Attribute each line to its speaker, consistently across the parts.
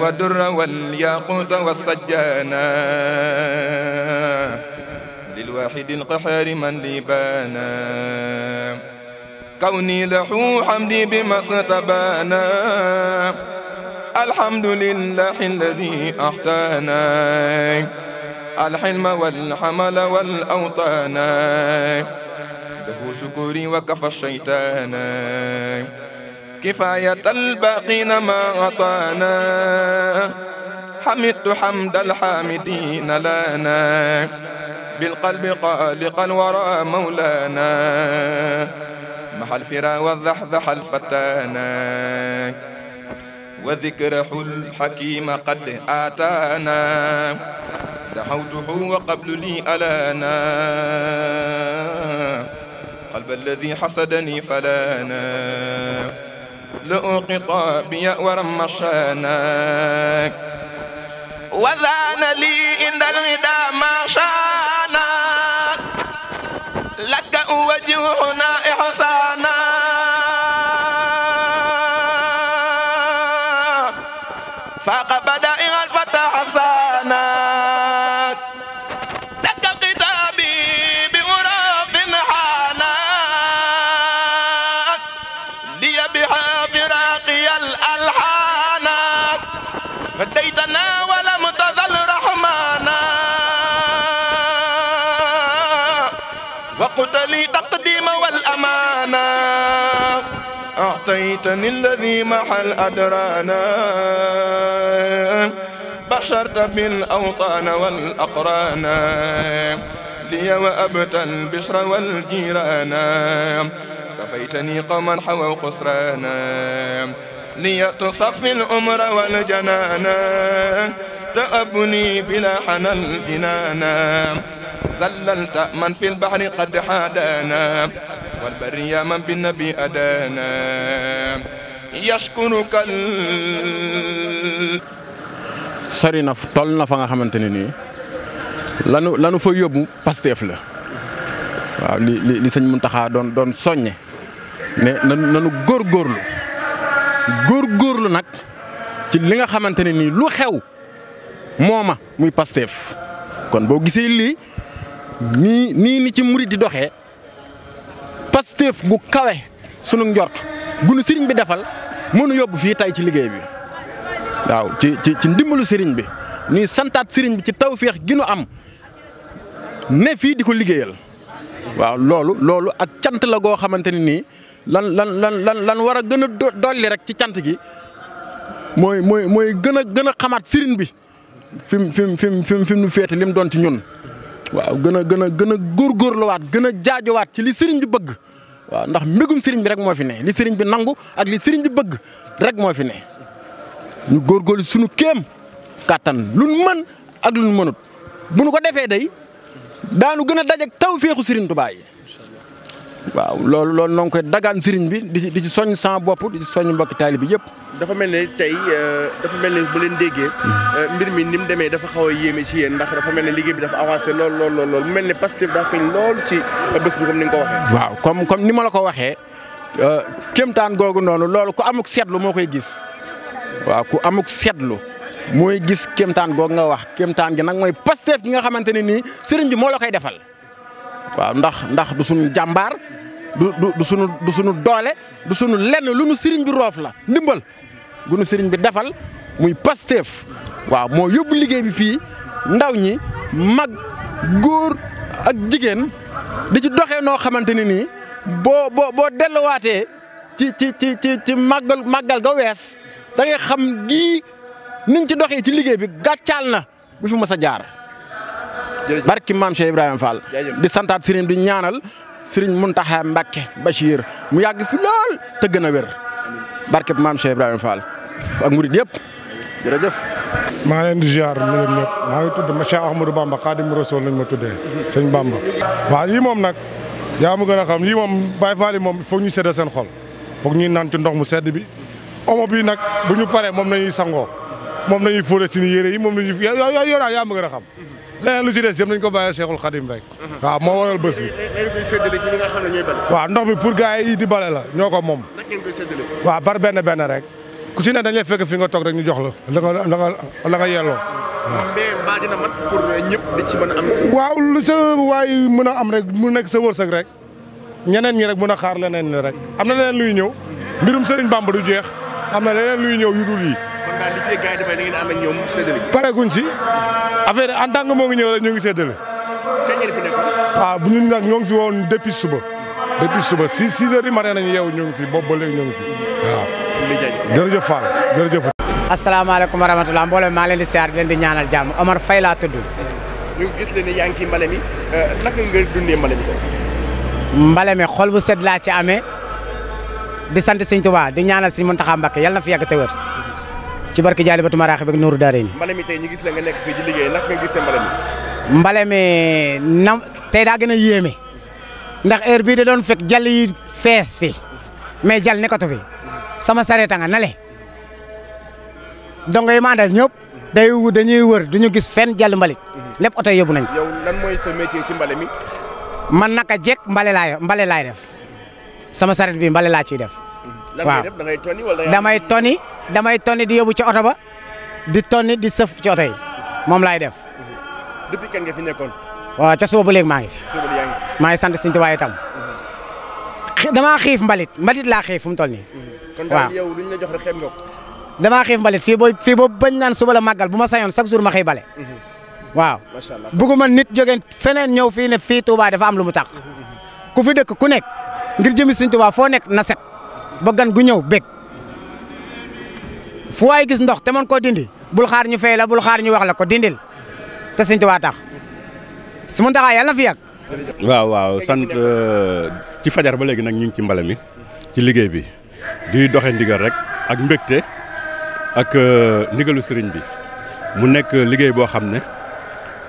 Speaker 1: والدر والياقوت والسجانا للواحد القحار من لي بانا كوني له حمدي بما ستبانا الحمد لله الذي أحتانا الحلم والحمل والأوطانا له شكري وكفى الشيطانا كفاية الباقين ما أطانا حمدت حمد الحامدين لنا بالقلب قالقا ورا مولانا محى الفرا والذحذح الفتانا وذكر حل حكيم قد آتانا دعوته وقبل لي ألانا قلب الذي حسدني فلانا لأوقط بي ورمشانك وذان لي عند الغدا ما شانا لك أوجه هنا إحسانا فقبل إن الفتح صار علمتني الذي محل أدرانا بشرت بالأوطان والأقران لي وأبتى البشر والجيران كفيتني قوما حووا قسرانا لي تصفي الأمر والجنانا تأبني بلا حنى الجنانا زللت من في البحر قد حادانا والبرية من بالنبي أدانا يشكرك ال
Speaker 2: sori na toll na fa nga xamante ne nii lanu lanu fa yóbbu Pastef la waaw li li li sëñ Muntaxa doon doon soññe ne nanu góorgóorlu góorgóorlu nag ci li nga xamante ne nii lu xew mooma muy Pastef kon boo gisee lii nii nii ni ci murit di doxee Pastef gu kawe sunu njort gunu sëriñ bi defal mënu yóbbu fii tay ci liggéey bi waaw ci ci ci ndimbalu sëriñ bi ñuy santaat sëriñ bi ci tawféex gi nu am ne fii di ko liggéeyal waaw loolu loolu ak cant la goo xamante ne nii lan lan lan lan lan war a gën a dolli rek ci cant gi mooy mooy mooy gën a gën a xamaat sëriñ bi fi mu fi mu fi mu fi mu féete lim doon ci ñun. waaw gën a gën a gën a góorgóorluwaat gën a jaajowaat ci li sëriñ bi bëgg waaw ndax mbégum sëriñ bi rek moo fi ne li sëriñ bi nangu ak li sëriñ bi bëgg rek moo fi ne ñu góorgóorlu suñu kéem kàttan luñ mën ak luñ mënut bu nu ko defee day daanu gën a daje ak tawféexu sëriñ Tuubaa yi waaw loolu loolu noo ngi koy dagaan sëriñ bi di ci di ci soññ sama bopp di ci soññ mbokk taalibe bi yëpp. dafa mel ne tey euh, dafa mel ne bu leen déggee hmm. euh, mbir mi ni mu demee dafa xaw a yéeme ci yéen ndax dafa mel ne liggéey bi dafa avancé lool lool lool lool mu mel ne Pastef daa feeñ lool ci bés bi comme ni ko waxee. waaw comme comme ni ma la ko waxee euh, kéemtaan googu noonu loolu ku amuk seetlu moo koy gis waaw ku amuk seetlu. mooy gis kéemtaan googu nga wax kéemtaan gi nag mooy Pastef gi nga xamante ne nii sëriñ bi moo la koy defal. waaw ndax ndax du suñu jàmbaar du du suñu suñu doole du suñu lenn lu nu sëriñ bi roof la ndimbal gu nu sëriñ bi defal muy Pastef waaw moo yóbbu liggéey bi fii ndaw ñi mag góor ak jigéen di ci doxee noo xamante ne nii boo boo boo delluwaatee ci ci ci ci ci màggal màggal ga wees da xam gii niñ ci doxee ci liggéey bi gàccaal na bu fi mës a jaar. barki maam Cheikh Ibrahima Fall di santaat sëriñ di ñaanal sëriñ Muntaxa Mbàkke Bachir mu yàgg fi lool te gën a wér barki maam Cheikh
Speaker 3: Ibrahima Fall ak murid yëpp jërëjëf. maa leen di ziar nuyu ñëpp maa ngi tudd ma Cheikh Ahmadou Bamba Xaadimu Rasuul lañ ma tuddee sëñ Bamba. waaw lii moom nag yaa ma gën a xam lii moom Baye Fall moom foog ñu sedd seen xol foog ñu naan ci ndox mu sedd bi omo bi nag bu ñu paree moom nañuy sangoo. moom nañuy fóore suñu yére yi moom nañuy yow yow daal yaa ma a leneen lu ci des yëpp nañ ko bàyyi Cheikhul Khadim rek waa moo waral bés bi ndox mi pur gars yi di bale la ñoo ko moom waa bar benn benn rek ku si ne dañ fekk fi nga toog rek ñu jox la la nga la nga la nga yelloo
Speaker 2: mais mbaa
Speaker 3: waaw lu sa waay mën am rek mu nekk sa wërsëg rek ñeneen ñi rek mën a xaar leneen ni rek am na leneen luy ñëw mbirum Serigne Bamba du jeex am na leneen luy ñëw yu dul yi
Speaker 2: daal li fekk gars yi dafay da ngeen ànd ak
Speaker 3: si affaire en tant que moo ngi ñëw rek ah, bu ñun ñoo ngi fi woon suba depuis suba six six yi matin nañu yeewu ñoo ngi fi boobu ba léegi ñoo ngi fi waaw.
Speaker 4: jërëjëf asalaamaaleykum wa rahmatulah mbooloo maa leen di siyaar di leen di ñaanal jàmm Omar Faye laa tudd.
Speaker 2: ñu gis leen ne yaa ngi ci mbale mi euh, dundee mbale mi.
Speaker 4: mbale mi xol bu sedd laa ci amee di sant Sëñ Tuubaa di ñaanal Sëñ Muntaxa Mbakke yàlla na fi yàgg te wér ci barke Jaalibatu Maraaxib ak Nuuru Daarayni.
Speaker 2: mbale mi tey ñu gis la nga nekk fii di liggéey ndax nga
Speaker 4: gisee mbale mi. mbale mi na tey daa gën a ndax heure bii da doon fekk jàll yi fees fii mais jall nekkatu fi sama sareet nga nale dongo yi ma àndal ñëpp day dañuy wër duñu gis fenn jàll mbalit mhm. lépp oto yóbbu nañ
Speaker 2: yow lan mooy sa métier ci mbale mi.
Speaker 4: man naka jekk mbale laay mbale laay def sama sareet bi mbale laa ciy def. waaw damay tonni damay tonni di yóbbu ci oto ba di tonni di sëf ci oto yi moom laay def. Mhm.
Speaker 2: depuis a fi nekkoon.
Speaker 4: waaw ca suba ba léegi maa ngi fi. suba yaa ngi fi maa ngi sant Sëñ Tuubaa itam. Mhm. damaa xiif mbalit mbalit laa xiif fu mu toll nii.
Speaker 2: Mhm. kon daal yow luñ la jox rek xeeb
Speaker 4: nga ko. damaa xiif mbalit fii booy fii naan suba la màggal bu ma sañoon chaque jour ma xëy bale. waaw macha allah bëgguma nit jóge feneen ñëw fii ne fii Touba dafa am mu tàq. ku fi dëkk ku nek ngir jëmi Sëñ foo nekk na set. ba gan gu ñëw bég fu waay gis ndox te man koo dindi bul xaar ñu fay la bul xaar ñu wax la ko dindil te Sëñ Tuubaa tax su mu taxaa yàlla fi yàgg.
Speaker 5: waaw waaw sant euh, ci fajar ba léegi nag ñu ngi ci mbala mi ci liggéey bi di doxe ndigal rek ak mbégte ak euh, ndigalu sëriñ bi mu nekk liggéey boo xam ne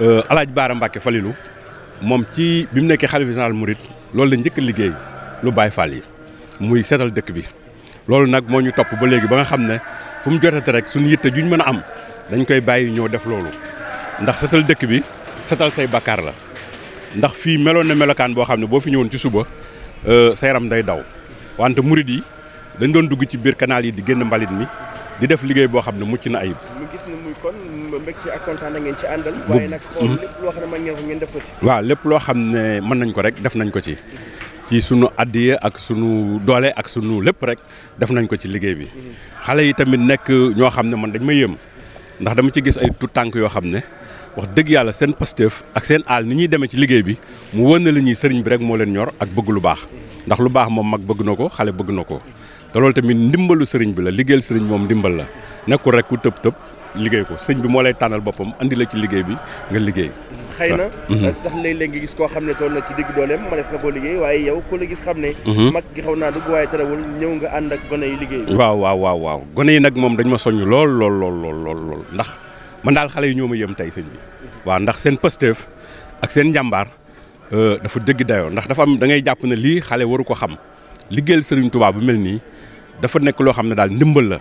Speaker 5: euh, alaaj Baara Mbàkke Falilu moom ci bi mu nekkee xalifa général murit loolu la njëkk liggéey lu Baay Faal yi muy seetal dëkk bi loolu nag moo ñu topp ba léegi ba nga xam ne fu mu te rek suñu yitte juñ mën a am dañu koy bàyyi ñoo def loolu ndax setal dëkk bi setal say bakkaar la ndax fii meloon na melokaan boo xam ne boo fi ñëwoon ci suba euh, sa yaram day daw wante murid yi dañ doon dugg ci biir canal yi di génn mbalit mi di def liggéey boo xam ne mucc na ayib.
Speaker 2: mu gis ne muy ci àndal. waaye nag xool hmm? lépp loo xam ne mën ngeen ko ngeen def ko
Speaker 5: waaw lépp loo xam ne mën nañ ko rek def nañ ko ci. ci sunu addiya ak sunu doole ak sunu lépp rek def nañ ko ci liggéey bi xale yi tamit nekk ñoo xam ne man dañ ma yem ndax dama ci gis ay tout tànk yoo xam ne wax dëgg yàlla seen Pastef ak seen aal ni ñuy demee ci liggéey bi mu wën na la ñuy sëriñ bi rek moo leen ñor ak bëgg lu baax ndax lu baax moom mag bëgg na ko xale bëgg na ko te loolu tamit ndimbalu sëriñ bi la liggéeyal sëriñ moom ndimbal la nekkul rek ku tëb tëb. liggéey ko sëñ bi moo lay tànnal boppam andi la ci liggéey bi nga liggéey. xëy na sax
Speaker 2: léeg-léeg nga gis koo xam ne toll na ci digg dooleem mënees na koo liggéey waaye yow gis xam ne. Mhm. mag gi xaw naa waaye terewul ñëw ànd ak gone yi
Speaker 5: waaw waaw waaw waaw gone yi nag moom dañ ma soññ lool lool lool lool lool ndax man daal xale yi ñoo ma yem tey sëñ bi. Mhm. waaw ndax seen Pastef ak seen njàmbaar euh, dafa dëgg dayoo ndax dafa am da ngay jàpp na lii xale waru ko xam liggéeyal Sëriñ Tuubaa bu mel nii dafa nekk loo xam ne daal ndimbal la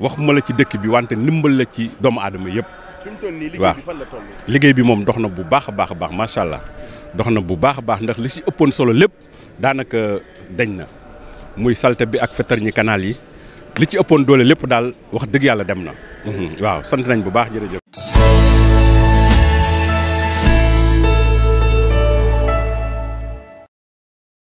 Speaker 5: waxuma la ci dëkk bi wante ndimbal la ci doomu aadama yëpp. waaw liggéey bi moom dox na bu baax a baax a baax macha allah dox na bu baax a baax ndax li si ëppoon solo lépp daanaka dañ na muy salte bi ak fetar ñi canal yi li ci ëppoon doole lépp daal wax dëgg yàlla dem na. Mhm. waaw sant nañ bu baax jërëjëf.